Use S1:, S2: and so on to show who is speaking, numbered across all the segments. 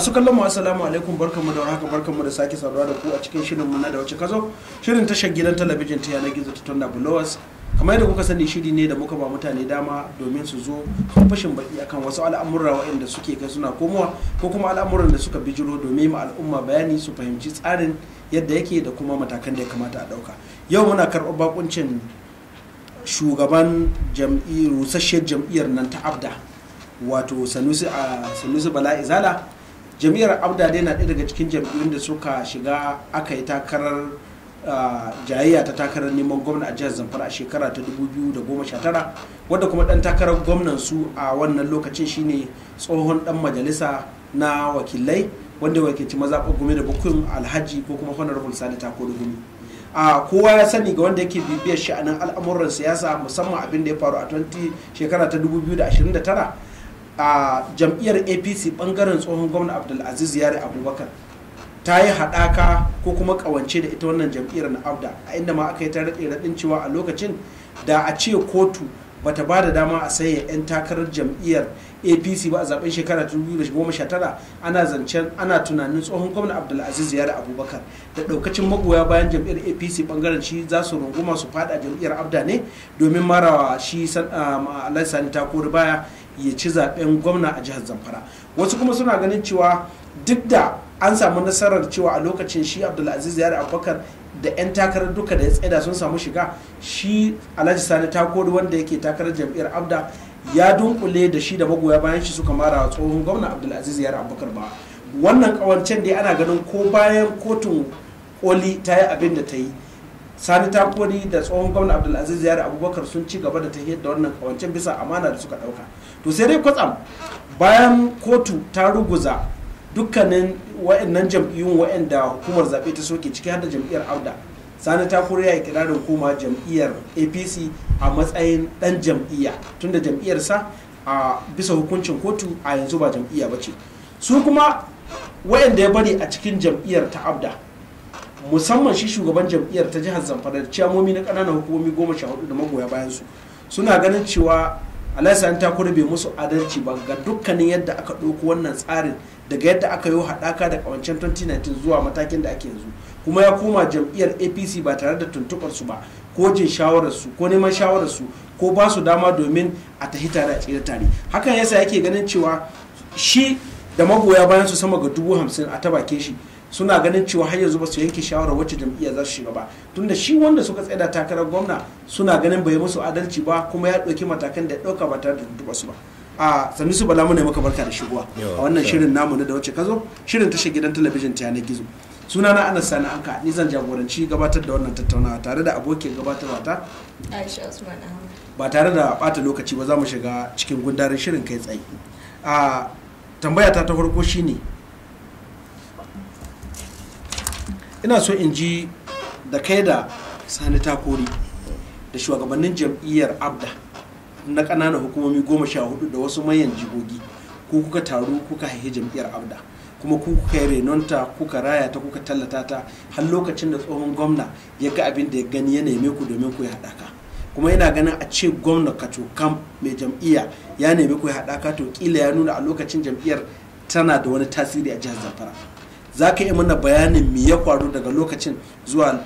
S1: masu kallon mu assalamu alaikum barkamu da warhaka barkamu da sake saduwa da ku a cikin shirin mu na da wace kazo shirin tashar gidan talabijin ta yanar gizo ta Tonda Blowers kamar yadda kuka sani shiri ne da muka ba mutane dama domin su zo kan fashin baki akan wasu al'amura waɗanda suke kai suna komowa ko kuma al'amuran da suka bijiro domin ma al'umma bayani su fahimci tsarin yadda yake da kuma matakan da ya kamata a ɗauka yau muna karɓar bakuncin shugaban jam'iyyar rusasshen jam'iyyar nan ta abda wato sanusi a sanusi bala izala jami'ar abda dai na ɗaya daga cikin jam'iyyun da suka shiga aka yi takarar jayayya ta takarar neman gwamna a jihar zamfara a shekara ta 2019 wadda kuma ɗan takarar gwamnan su a wannan lokacin shine tsohon ɗan majalisa na wakilai wanda wakilci mazaɓar gumi da bukun alhaji ko kuma honorable sani tako da gumi a kowa ya sani ga wanda yake bibiyar sha'anin al'amuran siyasa musamman abin da ya faru a 20 shekara ta 2029 a jam'iyyar apc bangaren tsohon gwamna abdulaziz yari abubakar ta yi haɗaka ko kuma ƙawance da ita wannan jam'iyyar na abda a inda ma aka yi ta raɗe raɗin cewa a lokacin da a ce kotu bata ba da dama a sanya 'yan takarar jam'iyyar apc ba a zaben shekara 2019 ana zancen ana tunanin tsohon gwamna abdulaziz yari abubakar da ɗaukacin magoya bayan jam'iyyar apc bangaren shi za su runguma su fada jam'iyyar abda ne domin marawa shi um, alhaji sani kori baya ya ci zaben gwamna a jihar zamfara wasu kuma suna ganin cewa duk da an samu nasarar cewa a lokacin shi abdulaziz yari abubakar da 'yan takarar duka da ya tsada sun samu shiga shi alhaji sani takori wanda yake takarar jam'iyyar abda ya dunkule da shi da magoya bayan shi suka mara tsohon gwamna abdulaziz yari abubakar ba wannan kawancen dai ana ganin ko bayan kotun koli ta yi abin da ta yi sani takori da tsohon gwamna abdulaziz yari abubakar sun ci gaba da ta da wannan kawancen bisa amana da suka dauka to sai dai kwatsam bayan kotu ta ruguza dukkanin wa'annan jam'iyyun wa'anda hukumar zaɓe ta soke ciki har da jam'iyyar auda sani ta kuriya ikirarin hukuma jam'iyyar apc a matsayin ɗan jam'iyya tunda jam'iyyarsa a bisa hukuncin kotu a yanzu ba jam'iyya ba ce su kuma wa'anda ya bari a cikin jam'iyyar ta abda musamman shi shugaban jam'iyyar ta jihar zamfara da ciyamomi na ƙananan hukumomi goma sha hudu da magoya bayan su suna ganin cewa alaisa an ta kurbe musu adalci ba ga dukkanin yadda aka ɗauko wannan tsarin daga yadda aka yi haɗaka da kawancen 2019 zuwa matakin da ake yanzu kuma ya koma jam'iyyar apc ba tare da tuntuɓar su ba ko jin shawararsu ko neman shawararsu ko ba su dama domin a tahi tare a tsira tare hakan yasa yake ganin cewa shi da magoya bayan su sama ga dubu hamsin a ta bakin shi suna ganin cewa har yanzu ba su yanke shawarar wacce jam'iyya za su shiga ba tunda shi wanda suka da takarar gwamna suna ganin bai musu adalci ba kuma ya ɗauki matakan da ya ɗauka ba tare da tuntuɓa su ba a sami su bala muna maka barka da shigowa a wannan shirin namu na da wacce ka zo shirin tashar gidan talabijin ta yanar gizo suna na anas sani anka ni zan jagoranci gabatar da wannan tattaunawa tare da abokin gabatarwa ta
S2: aisha usman
S1: ba tare da bata lokaci ba za mu shiga cikin gundarin shirin kai tsaye a tambaya ta ta farko shine ina so in ji da kai da sani takori da shugabannin jam'iyyar abda na ƙananan hukumomi goma sha hudu da wasu manyan jihogi ku kuka taru kuka haihi jam'iyyar abda kuma ku kuka yi renonta kuka raya ta kuka tallata ta har lokacin da tsohon gwamna ya ga abin da ya gani ya neme ku domin ku yi haɗaka kuma yana ganin a ce gwamna kacokam mai jam'iyya ya neme ku yi haɗaka to kila ya nuna a lokacin jam'iyyar tana da wani tasiri a jihar zamfara za ka yi mana bayanin me ya faru daga lokacin zuwa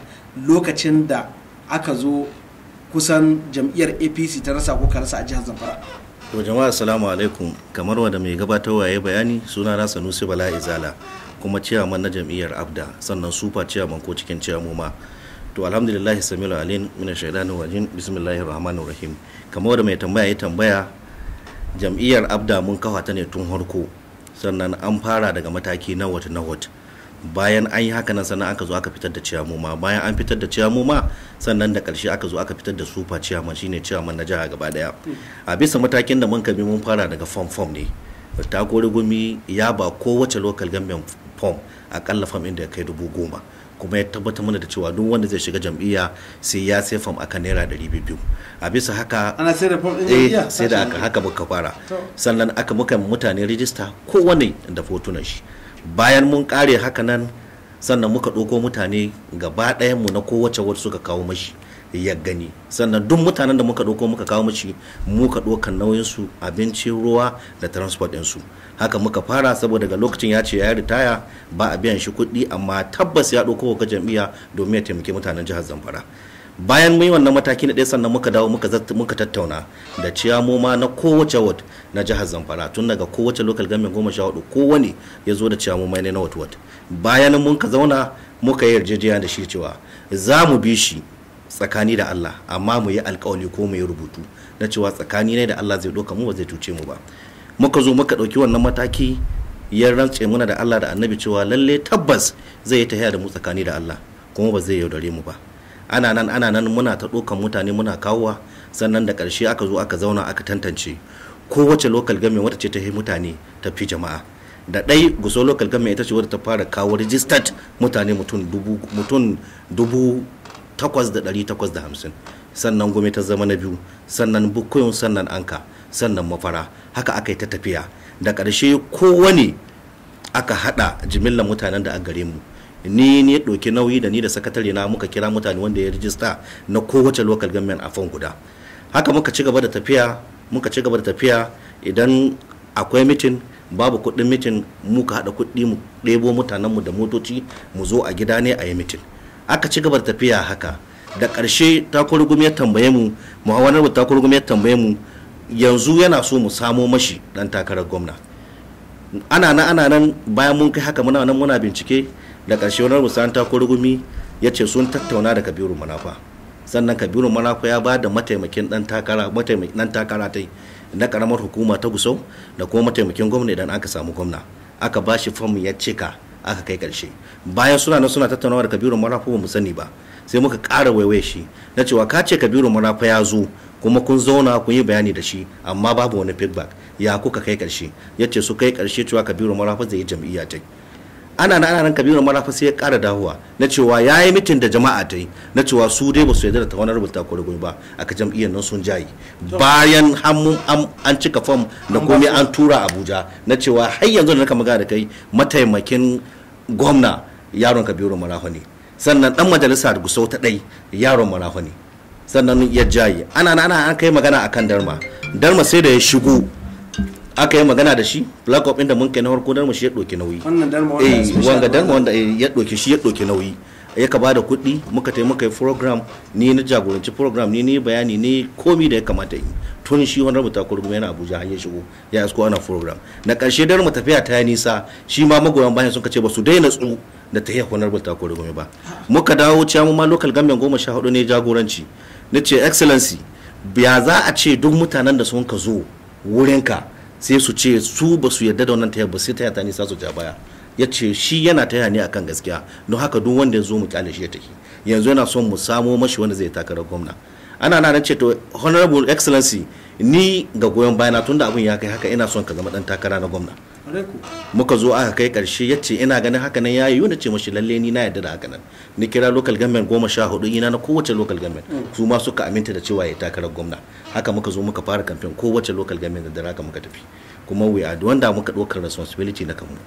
S1: lokacin da aka zo kusan jam'iyyar apc ta rasa ko ka rasa a jihar zamfara to
S2: jama'a assalamu alaikum kamar wanda mai gabatarwa ya bayani suna na sanusi bala izala kuma ciyaman na jam'iyyar abda sannan sufa ciyaman ko cikin ma to alhamdulillah samilu alin min shaidanir wajen bismillahir rahmanir rahim kamar wanda mai tambaya ya tambaya jam'iyyar abda mun kafa ta ne tun harko sannan an fara daga mataki na wata na wata bayan an yi haka nan sannan aka zo aka fitar da ciyamuma bayan an fitar da ciyamuma sannan da karshe aka zo aka fitar da super ciyaman shine ciyaman na jiha gaba daya a bisa matakin da mun kabi mun fara daga form form ne ta gumi ya ba kowace local government form akalla fam inda ya kai dubu goma kuma ya tabbatar mana da cewa duk wanda zai shiga jam'iyya sai ya sai fam akan naira ɗari biyu a bisa haka ana sai da fam ɗin eh, sai da haka haka muka fara sannan aka muka mutane rijista kowane da fotunan shi bayan mun kare haka nan sannan muka ɗauko mutane gaba ɗayan mu na kowace wata suka kawo mashi ya gani sannan duk mutanen da muka ɗauko muka kawo mace muka ɗaukan nauyinsu abinci ruwa da transport ɗinsu haka muka fara saboda daga lokacin ya ce ya yi ritaya ba a biyan shi kuɗi amma tabbas ya ɗauko ga jam'iyya domin ya taimaki mutanen jihar zamfara bayan mun wannan mataki na ɗaya sannan muka dawo muka tattauna da ciyamoma na kowace ward na jihar zamfara tun daga kowace local government goma sha hudu kowane ya zo da ciyamoma ne na ward ward bayan mun ka zauna muka yi yarjejeniya da shi cewa za mu bi shi tsakani da Allah amma mu yi alkawali ko mu yi rubutu na cewa tsakani ne da Allah zai doka mu ba zai cuce mu ba muka zo muka ɗauki wannan mataki ya rantse muna da Allah da annabi cewa lalle tabbas zai yi tahiya da mu tsakani da Allah kuma ba zai yaudare mu ba ana nan ana nan muna ta ɗaukan mutane muna kawowa sannan da karshe aka zo aka zauna aka tantance ko kowace local government wata ce ta mutane ta fi jama'a da ɗai gusa local government ita ce wadda ta fara kawo registered mutane mutum dubu 8,850 sannan gome ta zama na biyu sannan bukoyin sannan anka sannan mafara haka aka yi ta tafiya da ƙarshe kowane aka haɗa jimillar mutanen da a gare mu ni ne ɗauki nauyi da ni da sakatare na muka kira mutane wanda ya rijista na kowace local government a fan guda haka muka ci gaba da tafiya muka ci gaba da tafiya idan akwai mitin babu kuɗin mitin muka haɗa kuɗi mu ɗebo mutanenmu da motoci mu zo a gida ne a yi mitin aka ci gaba da tafiya haka da ƙarshe takurugum ya tambaye mu muhawarar takurugum ya tambaye mu yanzu yana so mu samo mashi dan takarar gwamna ana nan ana nan bayan mun kai haka muna nan muna bincike da ƙarshe wani rubusan takurugumi ya ce sun tattauna da kabiru manafa sannan kabiru manafa ya ba da mataimakin dan takara mataimakin dan takara tai na karamar hukuma ta gusau da kuma mataimakin gwamna idan aka samu gwamna aka ba shi fam ya cika aka kai karshe bayan suna nan suna tattaunawa da kabiru marafa ba mu sani ba sai muka ƙara waiwaye shi na cewa ka ce kabiru marafa ya zo kuma kun zauna kun yi bayani da shi amma babu wani feedback ya kuka kai karshe ya ce su kai karshe cewa kabiru marafa zai yi jam'iyya ta ana na ana nan marafa sai ya kara dawowa na cewa ya yi mitin da jama'a ta yi na cewa su dai ba su yarda da ta wani rubuta ko ba aka jam'iyyar nan sun jayi bayan an cika fom na komai an tura abuja na cewa har yanzu da naka magana da kai mataimakin gwamna yaron kabiru marafa ne sannan dan majalisa da gusau ta dai yaron marafa ne sannan ya jayi ana na ana an kai magana akan darma darma sai da ya shigo aka yi magana da shi black op inda mun kai na farko darma shi ya ɗauki nauyi
S1: darma wanda eh, wanga darma
S2: wanda eh, ya ɗauki shi ya ɗauki nauyi ya ka bada kuɗi muka tai muka yi program ni na jagoranci program ni ni bayani ne komi da ya kamata yi tun shi wani rubuta kurguma yana abuja hanyar ya shigo ya asko ana program na ƙarshe darma tafiya ta nisa shi ma magoyan bayan suka ce ba su daina tsu da ta yi honorable takurugumi ba muka dawo mu ma local government goma sha hudu ne jagoranci na ce excellency ya za a ce duk mutanen da sun ka zo wurinka sai su ce su ba su yarda da wannan taya ba sai taya ta nisa su ja baya ya ce shi yana taya ne akan gaskiya don haka duk wanda ya zo mu kyale shi ya tafi yanzu yana son mu samo mashi wanda zai takarar gwamna ana na ce to honorable excellency ni ga goyon bayana da abin ya kai haka ina son ka zama dan takara na gwamna muka zo aka kai karshe ya ce ina ganin haka nan ya yiwu na ce mashi lalle ni na yadda da haka nan ni kira lokal gamen goma sha hudu ina na kowace lokal gamen mm. su ma suka aminta da cewa ya takarar gwamna haka muka zo muka fara kamfen kowace local government da haka muka tafi kuma we are wanda muka ɗaukar responsibility na kanmu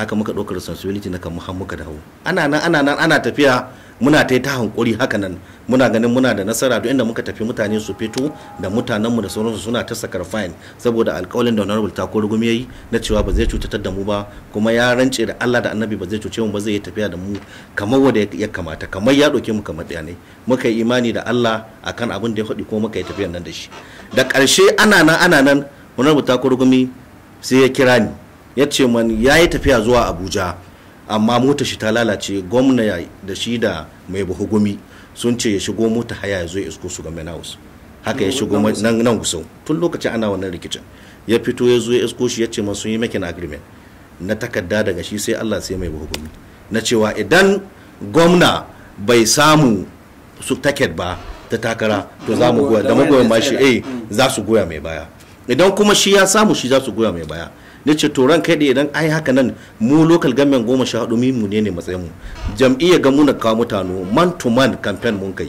S2: haka muka ɗaukar responsibility na kan ka dawo ana nan ana nan ana tafiya muna ta ta hankuri haka nan muna ganin muna da nasara duk inda muka tafi mutane su fito da mutanenmu da sauransu suna ta sakar fine saboda alƙawalin da honorable tako ya yayi na cewa ba zai cutar da mu ba kuma ya rance da Allah da annabi ba zai cuce mu ba zai yi tafiya da mu kamar wanda ya kamata kamar ya ɗauke mu kamar ɗaya ne muka yi imani da Allah akan abin da ya faɗi kuma muka yi tafiyar nan da shi da ƙarshe ana nan ana nan honorable gumi sai ya kira ni ya ce man ya yi tafiya zuwa abuja amma mota shi ta lalace gwamna da shi da mai buhugumi sun ce ya shigo mota haya ya zo ya isko su ga menaus haka ya shigo nan gusau tun lokacin ana wannan rikicin ya fito ya zo ya isko shi ya ce man sun yi makin agreement na takarda daga shi sai allah sai mai buhugumi na cewa idan gwamna bai samu su taket ba ta takara to za mu goya da magoyan ma shi eh za su goya mai baya idan kuma shi ya samu shi za su goya mai baya ne ce to ran kai da idan ai haka nan mu local government goma sha hudu mu ne ne matsayin mu jam'iyya ga na kawo mutane man to man campaign mun kai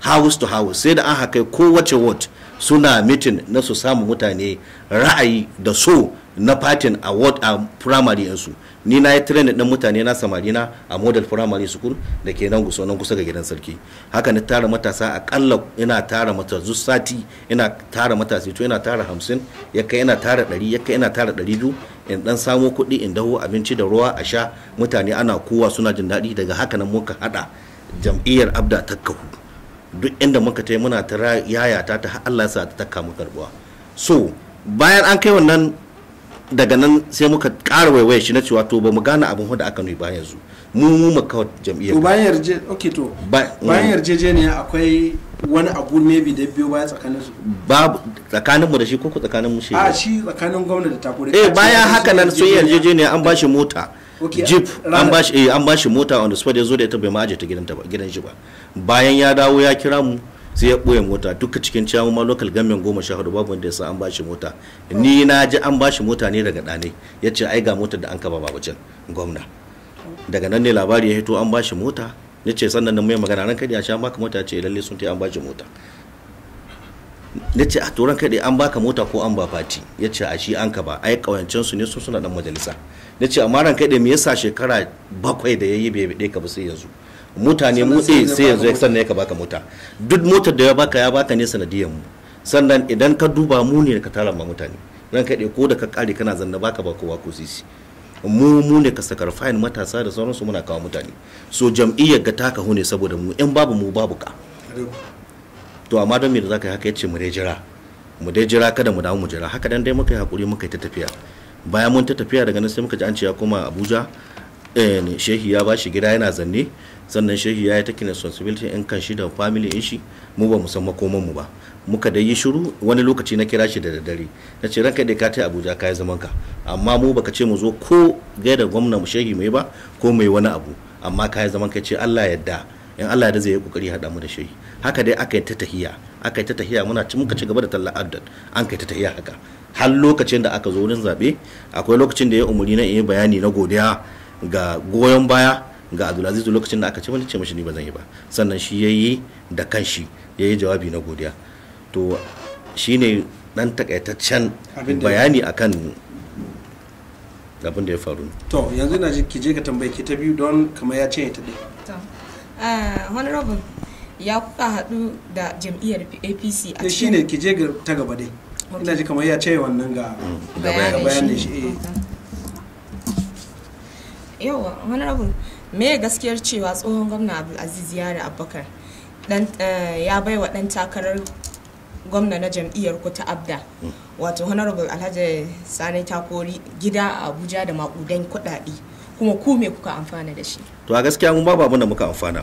S2: house to house sai da an haka kowace ward suna meeting na su samu mutane ra'ayi da so na fatin a ward a primary yansu ni na yi training din mutane na samari na a model primary school da ke nan gusa nan kusa ga gidan sarki haka ni tara matasa akalla ina tara mata sati ina tara matasa to ina tara hamsin ya kai ina tara ɗari ya kai ina tara ɗari du. in dan samo kuɗi in dawo abinci da ruwa a sha mutane ana kowa suna jin daɗi daga haka nan muka haɗa jam'iyyar abda takkahu duk inda muka tai muna ta yayata ta Allah ya sa ta takka karbuwa so bayan an kai wannan daga nan sai muka ƙara waiwaye shi na cewa to ba mu gane abin hudu aka nui bayan yanzu mu mu maka jam'iyyar bayan yarje
S1: ok to bayan mm. yarjejeniya akwai wani abu ne bi da biyo baya tsakanin su babu
S2: tsakanin mu da shi ko ku tsakanin mu shi a shi
S1: tsakanin gwamna da takure eh baya haka nan sun yarjejeniya
S2: an bashi mota
S1: jeep an bashi
S2: eh an bashi mota on the spot ya zo da ita bai ma aje ta gidanta ba gidan shi ba bayan ya dawo ya kira mu sai ya ɓoye mota duka cikin ciyawa ma lokal gamen goma sha hudu babu wanda ya sa an bashi mota ni na ji an ba shi mota ne daga ɗane ya ce ai ga motar da an kaba babacin gwamna daga nan ne labari ya hito an bashi mota ya ce sannan mai magana ran kadi a sha maka mota ya ce lalle sun ta an bashi mota na ce a turan kai an baka mota ko an ba fati ya ce a shi an ka ba ai kawancen su ne su suna dan majalisa na ce amma ran da me yasa shekara bakwai da yayi bai bai ka ba sai yanzu mutane mu sai yanzu ya sanna ya ka baka mota duk motar da ya baka ya baka ne sanadiyar mu sannan idan ka duba mu ne ka tara ma mutane ran kai ko da ka kare kana zanna baka ba kowa ko sisi mu mu ne ka sakar fain matasa da sauransu muna kawo mutane so jam'iyyar ga taka hune saboda mu in babu mu babu ka to amma don me da zaka yi haka yace mu dai jira mu dai jira kada mu dawo mu jira haka dan dai muka yi hakuri muka yi ta tafiya bayan mun ta tafiya daga nan sai muka ji an ce ya koma Abuja eh, shehi ya bashi gida yana zanne sannan shehi ya yi taking responsibility in kan shi da family in shi mu ba mu san makoman mu ba muka dai yi shiru wani lokaci na kira shi da daddare na ce ranka dai ka ta abuja ka yi zaman ka amma mu baka ce mu zo ko gaida gwamna mu shehi mai ba ko mai wani abu amma ka yi zaman ka ce allah yadda in Allah ya zai yi kokari hada mu da shi haka dai aka yi ta tahiya aka yi ta tahiya muna ci muka ci gaba da tallar adad an kai ta tahiya haka har lokacin da aka zo wurin zabe akwai lokacin da ya umuri na yi bayani na godiya ga goyon baya ga Abdulaziz lokacin da aka ce wani ce mashi ni ba zan yi ba sannan shi yayi da kanshi yayi jawabi na godiya to shine dan takaitaccen bayani akan
S1: abin da ya faru to yanzu na ji ki je ka tambaye ki ta biyu don kamar ya ce ta ɗaya
S2: Ah, honorable ya kuka haɗu da jam'iyyar apc a eh, shi ne
S1: ki je ta gaba dai ina ji kamar ya ce wannan ga bayanin shi eh. yawa honorable me gaskiyar cewa tsohon gwamna abdulaziz yari abubakar eh, ya bai wa ɗan takarar gwamna na jam'iyyar ku ta abda hmm. wato honorable
S2: alhaji sani takori gida a abuja da makudan kuɗaɗe kuma ku me kuka amfana da shi to a gaskiya mun ba abin da muka amfana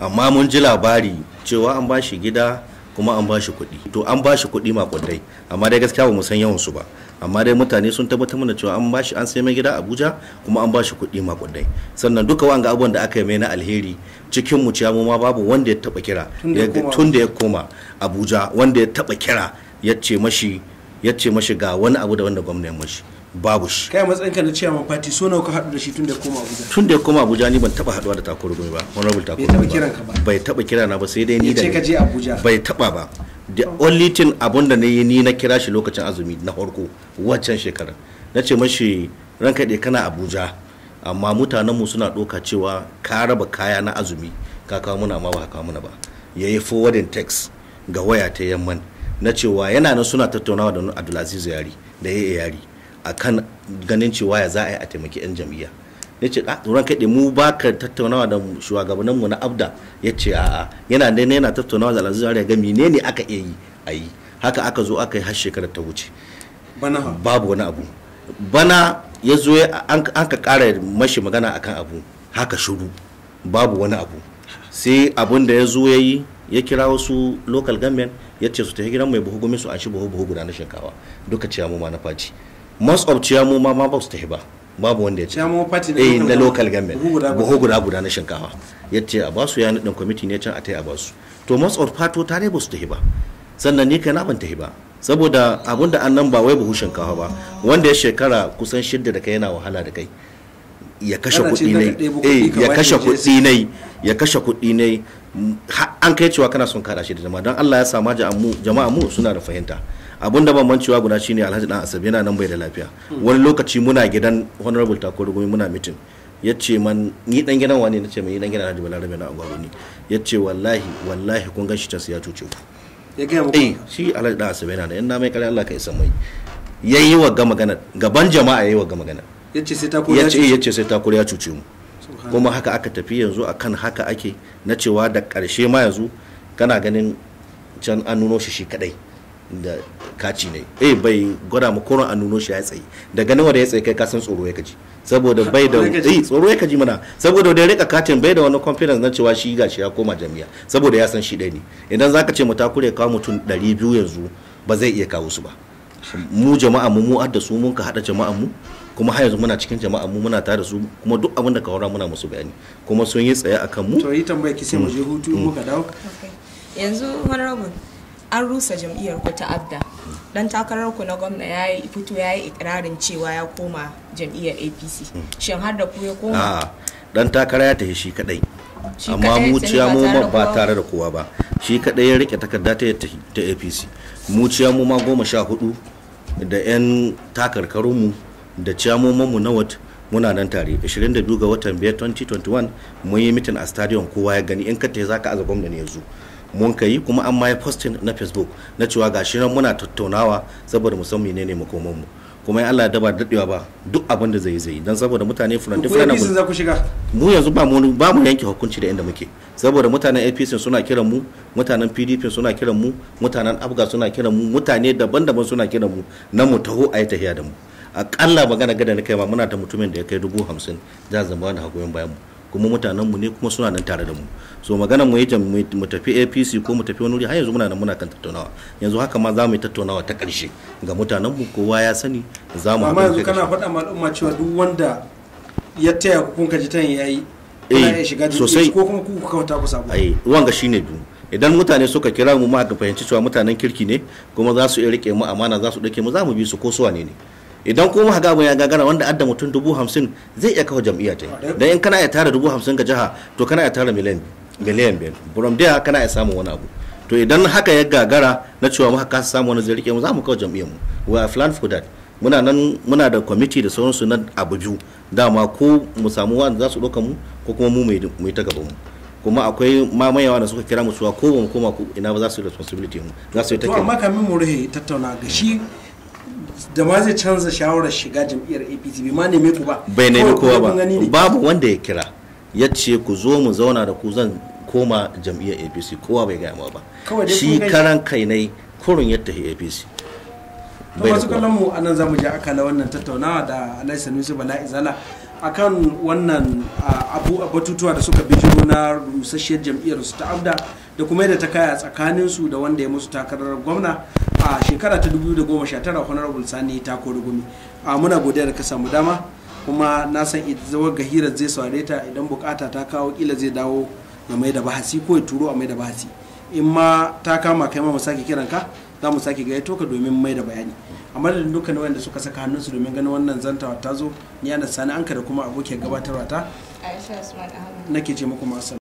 S2: amma mun ji labari cewa an ba shi gida kuma an ba shi kuɗi to an ba shi kuɗi makwadai amma dai gaskiya ba mu san yawan su ba amma dai mutane sun tabbatar mana cewa an ba shi an sai mai gida Abuja kuma an ba shi kuɗi makwadai sannan duka wanga abubuwan da aka yi mai na alheri cikin mu ciyamu ma babu wanda ya taba kira tun da ya koma Abuja wanda ya taba kira ya ce mashi ya mashi ga wani abu da wanda gwamnati mashi babu shi
S1: kai matsayin ka na chairman party so nawa ka hadu da shi tun da ya koma Abuja
S2: tun da ya koma Abuja ni ban taba haduwa da Takoro Gumi ba honorable Takoro bai taba kiran ka ba bai taba kira na ba sai dai ni da ce ka je Abuja bai taba ba the only thing abun da ni na kira shi lokacin azumi na farko waccan shekara na ce mashi ranka dai kana Abuja amma mutanenmu suna doka cewa ka raba kaya na azumi ka kawo muna amma ba ka kawo muna ba ya yi forwarding text ga waya ta yamman na cewa yana nan suna tattaunawa da Abdulaziz Yari da ya yari akan ganin cewa ya za a yi a taimaki 'yan jam'iyya ya ce ah, tsoron kaɗe mu ba ka tattaunawa da shugabanninmu na abda ya ce a'a yana da yana tattaunawa da gami ga menene aka iya yi a yi haka aka zo aka yi har shekarar ta wuce babu wani abu bana ya zo an ka ƙara mashi magana akan abu haka shuru babu wani abu sai abun da ya zo ya yi ya kira wasu local government ya ce su tafi gidan mai buhu gumi su an shi buhu buhu guda na shinkawa duka ciyamu ma na faci most of ciyamu ma ma ba su tafi ba babu wanda ya ce eh na local government buhu guda guda na shinkafa ya ce a basu ya nadin kwamiti ne can a ta a basu to most of fato ta ne ba su tafi ba sannan ni kai na ban tafi ba saboda abun da annan ba wai buhu shinkafa ba wanda ya shekara kusan shidda da kai yana wahala da kai ya kashe kuɗi ne eh, ya kashe kuɗi ne ya kashe kuɗi ne an kai cewa kana son kada shi da jama'a don Allah ya sa jama'a mu suna da fahimta abun da ban mancewa guda shine alhaji dan asabe yana nan bai da lafiya wani lokaci muna gidan honorable takoru gumi muna mitin ya ce man ni dan gidan wani na ce mai dan gidan alhaji balarabe na agwaro ne ya ce wallahi wallahi kun gan shi ta ya cuce ku ya ga eh shi alhaji dan asabe yana nan in mai kare Allah ka san mai yayi wa ga magana gaban jama'a yayi wa ga magana
S1: yace sai ta kore eh, yace
S2: sai ta kore ya cuce mu kuma haka aka tafi yanzu akan haka ake na cewa da karshe ma yanzu kana ganin can an nuno shi shi kadai da kaci ne eh bai gwada mu koron an nuno shi ya tsaye daga nan wanda ya tsaye kai kasan tsoro ya kaji saboda bai da eh tsoro ya kaji mana saboda da rika katin bai da wani confidence na cewa shi gashi ya koma jami'a saboda ya san shi dai ne idan zaka ce mu kure kawo mutum 200 yanzu ba zai iya kawo su ba mu jama'a mu mu adda su mun ka hada jama'a mu kuma har yanzu muna cikin jama'a mu muna tare da su kuma duk abin da ka wara muna musu bayani kuma sun yi tsaye akan mu to
S1: yi tambaya ki sai mu je hutu ka dawo
S2: yanzu honorable an rusa jam'iyyar ku ta abda dan takarar ku na gwamna ya yi fito ya yi ikirarin cewa ya koma jam'iyyar apc shin har da ku ya koma dan takara ya tafi shi kadai amma ciya mu ba tare da kowa ba shi kadai ya rike takarda ta ta apc ciya mu ma goma sha hudu da yan takarkarunmu da mu ma na wat muna nan tare 22 ga watan 5 2021 mun yi mitin a stadium kowa ya gani in ka te za ka aza gwamna ne yanzu mun ka yi kuma an ma yi na facebook na cewa ga shi muna tattaunawa saboda musamman ne ne makomanmu kuma ya Allah da ba dadewa ba duk abin da zai zai don saboda mutane furan da furan za ku shiga mu yanzu ba mu ba mu yanke hukunci da inda muke saboda mutanen APC suna kiran mu mutanen PDP suna kiran mu mutanen Abga suna kiran mu mutane daban-daban suna kiran mu na mu taho a yi tahiya da mu akalla magana gada na kai ma muna da mutumin da ya kai dubu hamsin za zama wani hagoyin bayan mu kuma mutanen mu ne kuma suna nan tare da mu so magana mu yace mu tafi APC ko mu tafi wani wuri har yanzu muna nan muna kan tattaunawa yanzu haka ma za mu yi tattaunawa ta karshe ga mutanen mu kowa ya sani za mu amma yanzu kana
S1: faɗa ma al'umma cewa duk wanda ya taya ku kun kaji tayin yayi eh sosai ko kuma ku kauta ku sabo
S2: ruwan wanga shine du idan mutane suka kira mu ma ga fahimci cewa mutanen kirki ne kuma za su iya rike mu amana za su dake mu za mu bi su ko su wane ne idan kuma haka abin ya gagara wanda adda mutum dubu hamsin zai iya kawo jam'iyya ta da in kana iya tara dubu hamsin ga jiha to kana iya tara miliyan miliyan biyar from there kana iya samun wani abu to idan haka ya gagara na cewa mu kasa samu wani zai mu za mu kawo jam'iyyar mu we are plan for that muna nan muna da kwamiti da sauransu na abuju dama ko mu samu wanda za su ɗauka mu ko kuma mu mai ta gaba mu kuma akwai mamayawa da suka kira mu cewa ko ba mu koma ina ba za su yi responsibility mu za su yi ta to amma
S1: kamin mu rahe tattauna ga shi da ma zai canza shawarar shiga jam'iyyar apc bai ma neme ku ba bai neme kowa ba babu
S2: wanda ya kira ya ce ku zo mu zauna da ku zan koma jam'iyyar apc kowa bai gaya ba shi karan kai kurin yadda ya tafi apc
S1: bai masu kallon mu anan za mu je la wannan tattaunawa da alai sanusi bala izala akan wannan abu a batutuwa da suka bijiro na rusasshiyar jam'iyyar su ta abda da kuma yadda ta kaya tsakanin su da wanda ya musu takarar gwamna a shekara ta 2019 honorable sani ta kori gumi a muna godiya da ka samu dama kuma na san zawar ga hirar zai saurare ta idan bukata ta kawo kila zai dawo ya mai da bahasi ko ya turo a mai da bahasi in ma ta kama kai ma mu sake kiran ka za mu sake gaya toka domin mai da bayani a madadin na wanda suka saka hannunsu domin ganin wannan zantawa ta zo ni ana sani anka da kuma abokin gabatarwa ta nake ce muku masu